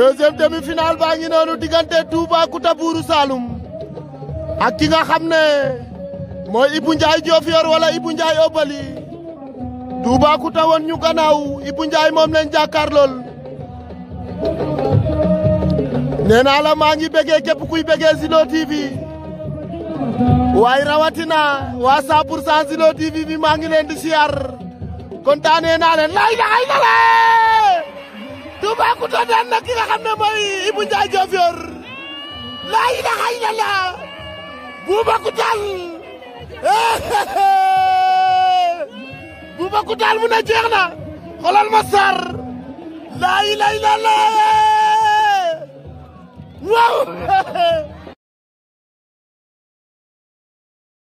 deuxième demi-finale baa ngi noonu diggante Toubacouta Buuru Saalum ak ki nga xam ne mooy Ibou Ndiaye Diofior wala Ibou Ndiaye Obali Toubacouta woon ñu gannaaw Ibou Ndiaye moom leen jàkkaar lool nee naa la maa ngi bëggee képp kuy bëggee Zilo TV waaye rawatina waa 100 pour cent Zilo TV bi maa ngi leen di siyaar lay la ay ko daan na ki nga xam ne mooy Ibou Ndiaye Diofior laa ilaha illallah Boubacar mu ne jeex na ma sar laa ilaha illallah